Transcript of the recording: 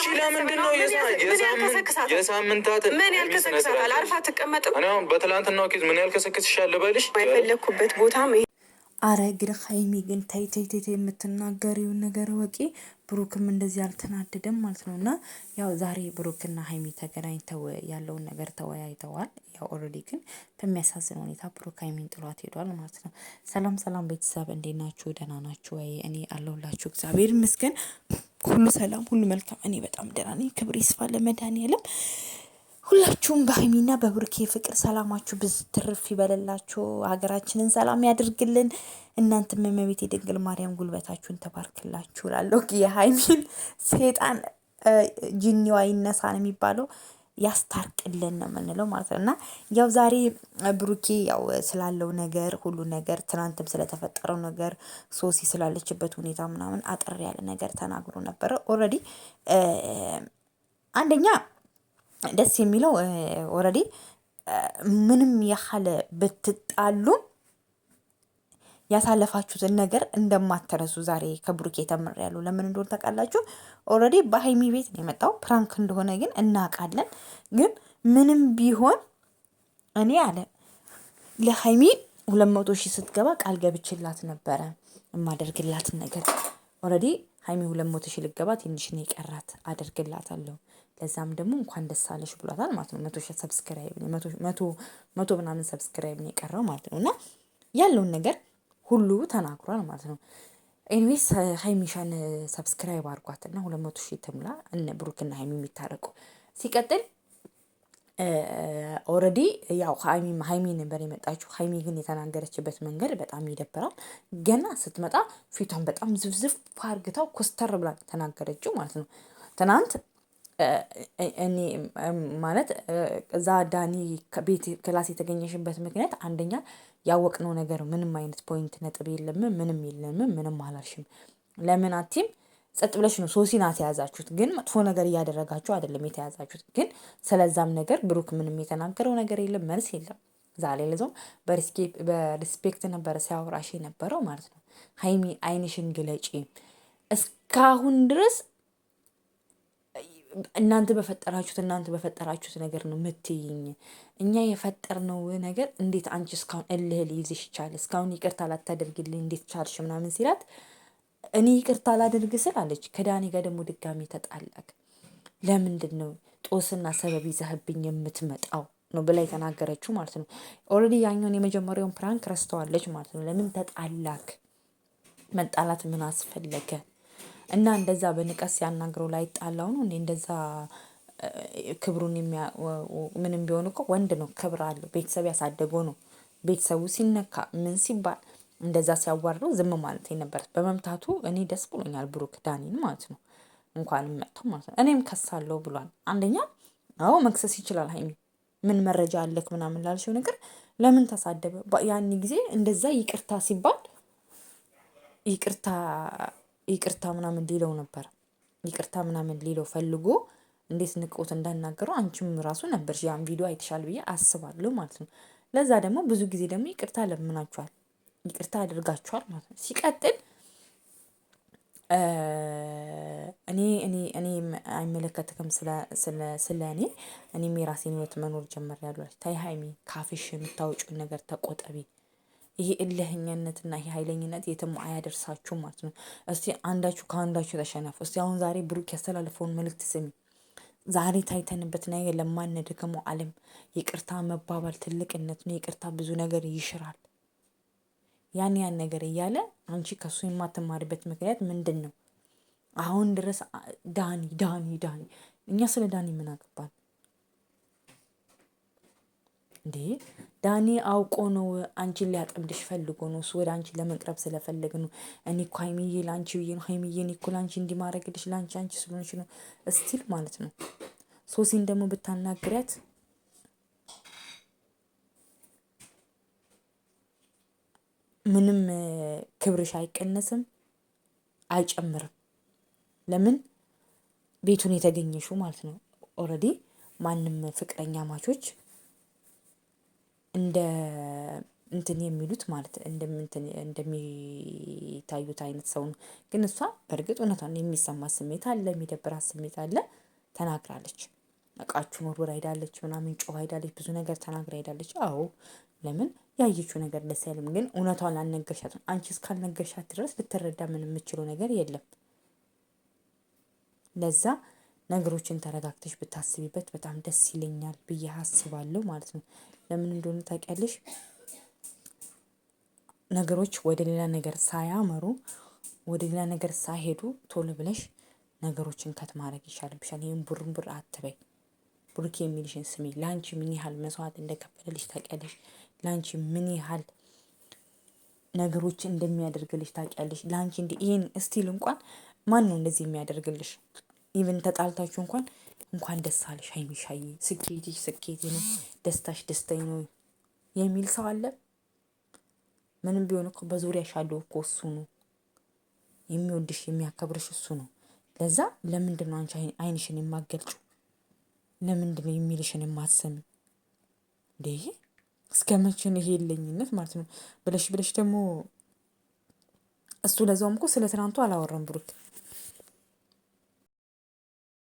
እሺ ለምንድን ነው የሳምንታት ምን ያልከሰክሳታል? አርፋ ትቀመጥም። በትላንትናው ኬዝ ምን ያልከሰክስሻል ልበልሽ? የፈለግኩበት ቦታ አረ ግን ሀይሚ ግን ተይ የምትናገሪውን ነገር ወቂ። ብሩክም እንደዚህ አልተናደደም ማለት ነው። እና ያው ዛሬ ብሩክና ሀይሚ ተገናኝተው ያለውን ነገር ተወያይተዋል። ያው ኦልሬዲ ግን በሚያሳዝን ሁኔታ ብሩክ ሀይሚን ጥሏት ሄዷል ማለት ነው። ሰላም ሰላም ቤተሰብ እንዴት ናችሁ? ደህና ናችሁ ወይ? እኔ አለሁላችሁ እግዚአብሔር ይመስገን፣ ሁሉ ሰላም፣ ሁሉ መልካም። እኔ በጣም ደህና ነኝ። ክብር ይስፋ ለመድኃኔዓለም። ሁላችሁም በሀይሚና በብሩኬ ፍቅር ሰላማችሁ ብዙ ትርፍ ይበለላችሁ። ሀገራችንን ሰላም ያድርግልን። እናንተም እመቤት የድንግል ማርያም ጉልበታችሁን ተባርክላችሁ። ላለሁ የሀይሚን ሴጣን ጅኒዋ ይነሳ ነው የሚባለው። ያስታርቅልን ነው የምንለው ማለት ነው። እና ያው ዛሬ ብሩኬ ያው ስላለው ነገር ሁሉ ነገር ትናንትም ስለተፈጠረው ነገር ሶሲ ስላለችበት ሁኔታ ምናምን አጠር ያለ ነገር ተናግሮ ነበረ። ኦልሬዲ አንደኛ ደስ የሚለው ወረዴ ምንም ያህል ብትጣሉም ያሳለፋችሁትን ነገር እንደማትረሱ ዛሬ ከብሩኬ ተምሬያለሁ። ለምን እንደሆነ ታውቃላችሁ? ኦልሬዲ በሀይሚ ቤት ነው የመጣው። ፕራንክ እንደሆነ ግን እናውቃለን። ግን ምንም ቢሆን እኔ አለ ለሀይሚ ሁለት መቶ ሺህ ስትገባ ቃል ገብችላት ነበረ የማደርግላትን ነገር ኦልሬዲ ሀይሚ ሁለት መቶ ሺህ ልገባ ትንሽ ነው የቀራት፣ አደርግላታለሁ ለዛም ደግሞ እንኳን ደስ አለሽ ብሏታል ማለት ነው። መቶ ሰብስክራይብ መቶ ምናምን ሰብስክራይብ ነው የቀረው ማለት ነው። እና ያለውን ነገር ሁሉ ተናግሯል ማለት ነው። ኤኒዌይስ ሀይሚሻን ሰብስክራይብ አድርጓት አድርጓትና ሁለት መቶ ሺህ ትምላ እነ ብሩክና ሀይሚ የሚታረቁ ሲቀጥል ኦልሬዲ ያው ሀይሚ ነበር የመጣችው። ሀይሚ ግን የተናገረችበት መንገድ በጣም ይደብራል። ገና ስትመጣ ፊቷን በጣም ዝፍዝፍ አርግታው ኮስተር ብላ ተናገረችው ማለት ነው ትናንት እኔ ማለት እዛ ዳኒ ቤት ክላስ የተገኘሽበት ምክንያት አንደኛ ያወቅነው ነገር ምንም አይነት ፖይንት ነጥብ የለም ምንም የለም ምንም አላልሽም። ለምን አቲም ጸጥ ብለሽ ነው ሶሲ ናት የያዛችሁት ግን መጥፎ ነገር እያደረጋችሁ አይደለም የተያዛችሁት ግን ስለዛም ነገር ብሩክ ምንም የተናገረው ነገር የለም መልስ የለም። ዛሬ ለዛውም በሪስፔክት ነበረ ሲያወራሽ የነበረው ማለት ነው። ሀይሚ አይንሽን ግለጪ። እስካሁን ድረስ እናንተ በፈጠራችሁት እናንተ በፈጠራችሁት ነገር ነው ምትይኝ። እኛ የፈጠርነው ነገር እንዴት አንቺ እስካሁን እልህ ሊይዝሽ ይቻል? እስካሁን ይቅርታ ላታደርግልኝ እንዴት ቻልሽ? ምናምን ሲላት እኔ ይቅርታ ላደርግ ስል አለች። ከዳኒ ጋር ደግሞ ድጋሚ ተጣላክ። ለምንድን ነው ጦስና ሰበብ ይዘህብኝ የምትመጣው ነው ብላ የተናገረችው ማለት ነው። ኦልሬዲ ያኛውን የመጀመሪያውን ፕራንክ ረስተዋለች ማለት ነው። ለምን ተጣላክ? መጣላት ምን አስፈለገ? እና እንደዛ በንቀት ሲያናግረው ጣላው ነው እንዴ? እንደዛ ክብሩን ምንም ቢሆን እኮ ወንድ ነው፣ ክብር አለው፣ ቤተሰብ ያሳደገው ነው። ቤተሰቡ ሲነካ ምን ሲባል እንደዛ ሲያዋርደው ዝም ማለት ነበር። በመምታቱ እኔ ደስ ብሎኛል፣ ብሩክ ዳኒን ማለት ነው። እንኳንም መጥተው ማለት ነው። እኔም ከሳለሁ ብሏል። አንደኛ አዎ መክሰስ ይችላል። ሀይሚ ምን መረጃ አለክ ምናምን ላልሽው ነገር ለምን ተሳደበ? ያን ጊዜ እንደዛ ይቅርታ ሲባል ይቅርታ ይቅርታ ምናምን ሊለው ነበር። ይቅርታ ምናምን ሊለው ፈልጎ እንዴት ንቆት እንዳናገረው አንቺም ራሱ ነበር ያን ቪዲዮ አይተሻል ብዬ አስባለሁ ማለት ነው። ለዛ ደግሞ ብዙ ጊዜ ደግሞ ይቅርታ ለምናችኋል፣ ይቅርታ አድርጋችኋል ማለት ነው። ሲቀጥል እኔ እኔ እኔ አይመለከትክም ስለ እኔ እኔም የራሴን ህይወት መኖር ጀመር ያሉ ታይ ሀይሚ ካፍሽ የምታወጪውን ነገር ተቆጠቤ ይሄ እልህኛነትና ይሄ ኃይለኝነት የትም አያደርሳችሁ ማለት ነው። እስቲ አንዳችሁ ከአንዳችሁ ተሸነፉ። እስቲ አሁን ዛሬ ብሩክ ያስተላልፈውን መልእክት ስሚ። ዛሬ ታይተንበት ነገር ለማንደክመው ዓለም ይቅርታ መባባል ትልቅነት ነው። ይቅርታ ብዙ ነገር ይሽራል። ያን ያን ነገር እያለ አንቺ ከሱ የማትማርበት ምክንያት ምንድን ነው? አሁን ድረስ ዳኒ ዳኒ ዳኒ፣ እኛ ስለ ዳኒ ምን አገባን? እንዴ ዳኒ አውቆ ነው አንቺን ሊያጠምድሽ ፈልጎ ነው እሱ ወደ አንቺ ለመቅረብ ስለፈለግ ነው። እኔ እኮ ሀይሚዬ ለአንቺ ብዬ ነው ሀይሚዬ እኔ እኮ ለአንቺ እንዲማረግልሽ ለአንቺ አንቺ ስለሆንሽ ነው እስቲል ማለት ነው። ሶሲን ደግሞ ብታናግሪያት ምንም ክብርሽ አይቀነስም አይጨምርም። ለምን ቤቱን የተገኘሽው ማለት ነው። ኦልሬዲ ማንም ፍቅረኛ ማቾች እንደ እንትን የሚሉት ማለት እንደሚታዩት አይነት ሰው ነው። ግን እሷ በእርግጥ እውነቷን የሚሰማ ስሜት አለ የሚደብራት ስሜት አለ። ተናግራለች እቃችሁን ወርውራ ሄዳለች ምናምን ጮኻ ሄዳለች ብዙ ነገር ተናግራ ሄዳለች። አዎ ለምን ያየችው ነገር ደስ አይልም። ግን እውነቷን አልነገርሻትም አንቺ እስካልነገርሻት ድረስ ልትረዳ ምን የምችለው ነገር የለም። ለዛ ነገሮችን ተረጋግተሽ ብታስቢበት በጣም ደስ ይለኛል ብዬ አስባለሁ ማለት ነው። ለምን እንደሆነ ታውቂያለሽ? ነገሮች ወደ ሌላ ነገር ሳያመሩ ወደ ሌላ ነገር ሳይሄዱ ቶሎ ብለሽ ነገሮችን ከት ማድረግ ይሻልብሻል ቡርን ቡርንቡር አትበይ። ብሩክ የሚልሽን ስሚ ለአንቺ ምን ያህል መስዋዕት እንደከፈለልሽ ታውቂያለሽ? ለአንቺ ምን ያህል ነገሮችን እንደሚያደርግልሽ ታውቂያለሽ? ለአንቺ እንዲ ይህን ስቲል እንኳን ነው እንደዚህ የሚያደርግልሽ? ኢቨን ተጣልታችሁ እንኳን እንኳን ደስ አለሽ ሀይሚሻዬ፣ ስኬትሽ ስኬቴ ነው፣ ደስታሽ ደስተኝ ነው የሚል ሰው አለ? ምንም ቢሆን እኮ በዙሪያሽ ያለው እኮ እሱ ነው የሚወድሽ የሚያከብርሽ እሱ ነው። ለዛ ለምንድን ነው አንቺ አይንሽን የማገልጩ? ለምንድን ነው የሚልሽን የማትሰሚ? እንደ እስከ መቼ ነው ይሄ የለኝነት ማለት ነው ብለሽ ብለሽ ደግሞ እሱ ለዛውም እኮ ስለ ትናንቱ አላወራም ብሩት